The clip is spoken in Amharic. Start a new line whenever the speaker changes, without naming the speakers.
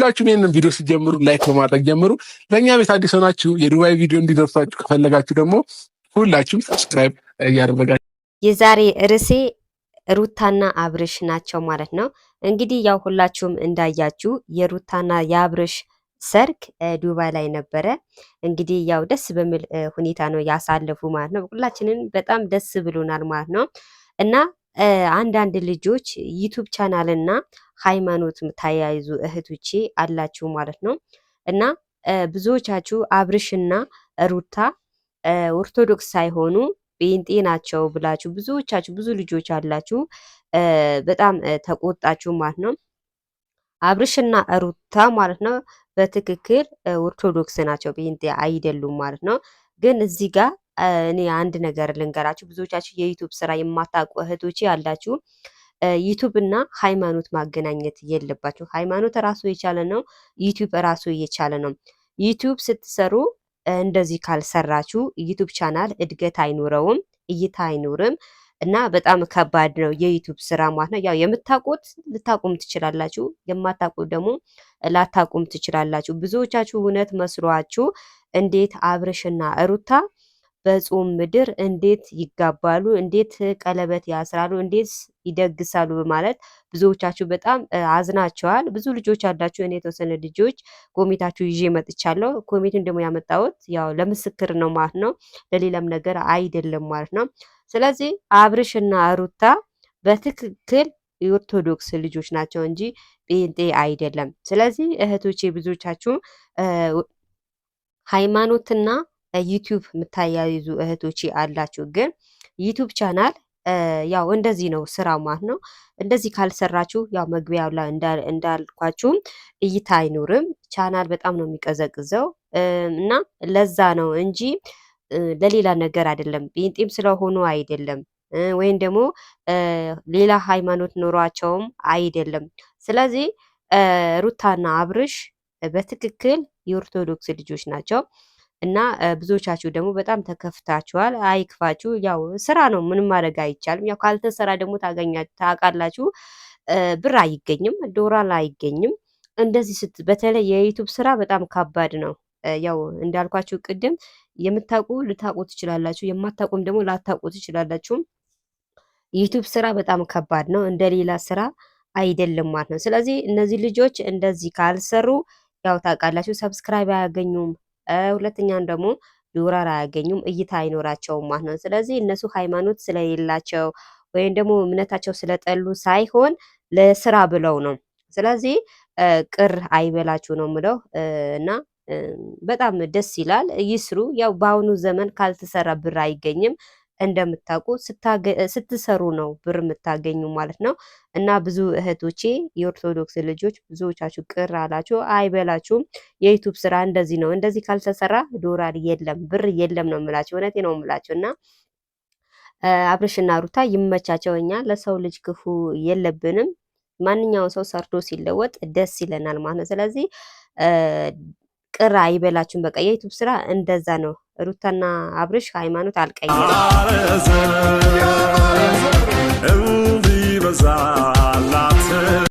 ሁላችሁም ይህንን ቪዲዮ ሲጀምሩ ላይክ በማድረግ ጀምሩ። ለእኛ ቤት አዲስ ሆናችሁ የዱባይ ቪዲዮ እንዲደርሳችሁ ከፈለጋችሁ ደግሞ ሁላችሁም ሰብስክራይብ እያደረጋችሁ
የዛሬ ርዕሴ ሩታና አብርሽ ናቸው ማለት ነው። እንግዲህ ያው ሁላችሁም እንዳያችሁ የሩታና የአብርሽ ሰርግ ዱባይ ላይ ነበረ። እንግዲህ ያው ደስ በሚል ሁኔታ ነው ያሳለፉ ማለት ነው። ሁላችንን በጣም ደስ ብሎናል ማለት ነው እና አንዳንድ ልጆች ዩቱብ ቻናልና ሃይማኖት የምታያይዙ እህቶቼ አላችሁ ማለት ነው። እና ብዙዎቻችሁ አብርሽና ሩታ ኦርቶዶክስ ሳይሆኑ ጴንጤ ናቸው ብላችሁ ብዙዎቻችሁ ብዙ ልጆች አላችሁ፣ በጣም ተቆጣችሁ ማለት ነው። አብርሽና ሩታ ማለት ነው በትክክል ኦርቶዶክስ ናቸው፣ ጴንጤ አይደሉም ማለት ነው። ግን እዚህ ጋር እኔ አንድ ነገር ልንገራችሁ። ብዙዎቻችሁ የዩቱብ ስራ የማታውቁ እህቶቼ ያላችሁ ዩቱብ እና ሃይማኖት ማገናኘት የለባችሁ። ሃይማኖት ራሱ የቻለ ነው። ዩቱብ ራሱ የቻለ ነው። ዩቱብ ስትሰሩ እንደዚህ ካልሰራችሁ ዩቱብ ቻናል እድገት አይኖረውም፣ እይታ አይኖርም እና በጣም ከባድ ነው የዩቱብ ስራ ማለት ነው። ያው የምታውቁት ልታቁም ትችላላችሁ፣ የማታውቁት ደግሞ ላታቁም ትችላላችሁ። ብዙዎቻችሁ እውነት መስሏችሁ እንዴት አብርሽና ሩታ በጾም ምድር እንዴት ይጋባሉ? እንዴት ቀለበት ያስራሉ? እንዴት ይደግሳሉ? በማለት ብዙዎቻችሁ በጣም አዝናችኋል። ብዙ ልጆች አላችሁ። እኔ የተወሰነ ልጆች ኮሜታችሁ ይዤ መጥቻለሁ። ኮሜቱን ደግሞ ያመጣሁት ያው ለምስክር ነው ማለት ነው፣ ለሌላም ነገር አይደለም ማለት ነው። ስለዚህ አብርሽና ሩታ በትክክል የኦርቶዶክስ ልጆች ናቸው እንጂ ጴንጤ አይደለም። ስለዚህ እህቶቼ ብዙዎቻችሁ ሃይማኖትና ዩቲዩብ የምታያይዙ እህቶች አላችሁ። ግን ዩቲዩብ ቻናል ያው እንደዚህ ነው ስራ ማለት ነው። እንደዚህ ካልሰራችሁ ያው መግቢያው ላይ እንዳልኳችሁም እይታ አይኖርም። ቻናል በጣም ነው የሚቀዘቅዘው እና ለዛ ነው እንጂ ለሌላ ነገር አይደለም። ጴንጤም ስለሆኑ አይደለም ወይም ደግሞ ሌላ ሃይማኖት ኖሯቸውም አይደለም። ስለዚህ ሩታና አብርሽ በትክክል የኦርቶዶክስ ልጆች ናቸው። እና ብዙዎቻችሁ ደግሞ በጣም ተከፍታችኋል። አይክፋችሁ፣ ያው ስራ ነው፣ ምንም ማድረግ አይቻልም። ያው ካልተሰራ ደግሞ ታውቃላችሁ፣ ብር አይገኝም፣ ዶላር አይገኝም። እንደዚህ ስት በተለይ የዩቱብ ስራ በጣም ከባድ ነው። ያው እንዳልኳችሁ ቅድም የምታውቁ ልታውቁ ትችላላችሁ፣ የማታውቁም ደግሞ ላታውቁ ትችላላችሁም። ዩቱብ ስራ በጣም ከባድ ነው፣ እንደ ሌላ ስራ አይደለም ማለት ነው። ስለዚህ እነዚህ ልጆች እንደዚህ ካልሰሩ ያው ታውቃላችሁ ሰብስክራይብ አያገኙም። ሁለተኛን ደግሞ ዶላር አያገኙም፣ እይታ አይኖራቸውም ማለት ነው። ስለዚህ እነሱ ሃይማኖት ስለሌላቸው ወይም ደግሞ እምነታቸው ስለጠሉ ሳይሆን ለስራ ብለው ነው። ስለዚህ ቅር አይበላችሁ ነው ምለው እና በጣም ደስ ይላል። ይስሩ። ያው በአሁኑ ዘመን ካልተሰራ ብር አይገኝም። እንደምታውቁ ስትሰሩ ነው ብር የምታገኙ ማለት ነው። እና ብዙ እህቶቼ የኦርቶዶክስ ልጆች ብዙዎቻችሁ ቅር አላችሁ፣ አይበላችሁም። የዩቱብ ስራ እንደዚህ ነው፣ እንደዚህ ካልተሰራ ዶላር የለም ብር የለም ነው የምላቸው። እውነቴ ነው የምላቸው እና አብርሽና ሩታ ይመቻቸው። እኛ ለሰው ልጅ ክፉ የለብንም። ማንኛውም ሰው ሰርቶ ሲለወጥ ደስ ይለናል ማለት ነው። ስለዚህ ቅር አይበላችሁም። በቃ የዩቱብ ስራ እንደዛ ነው። ሩታና አብርሽ ሃይማኖት አልቀየም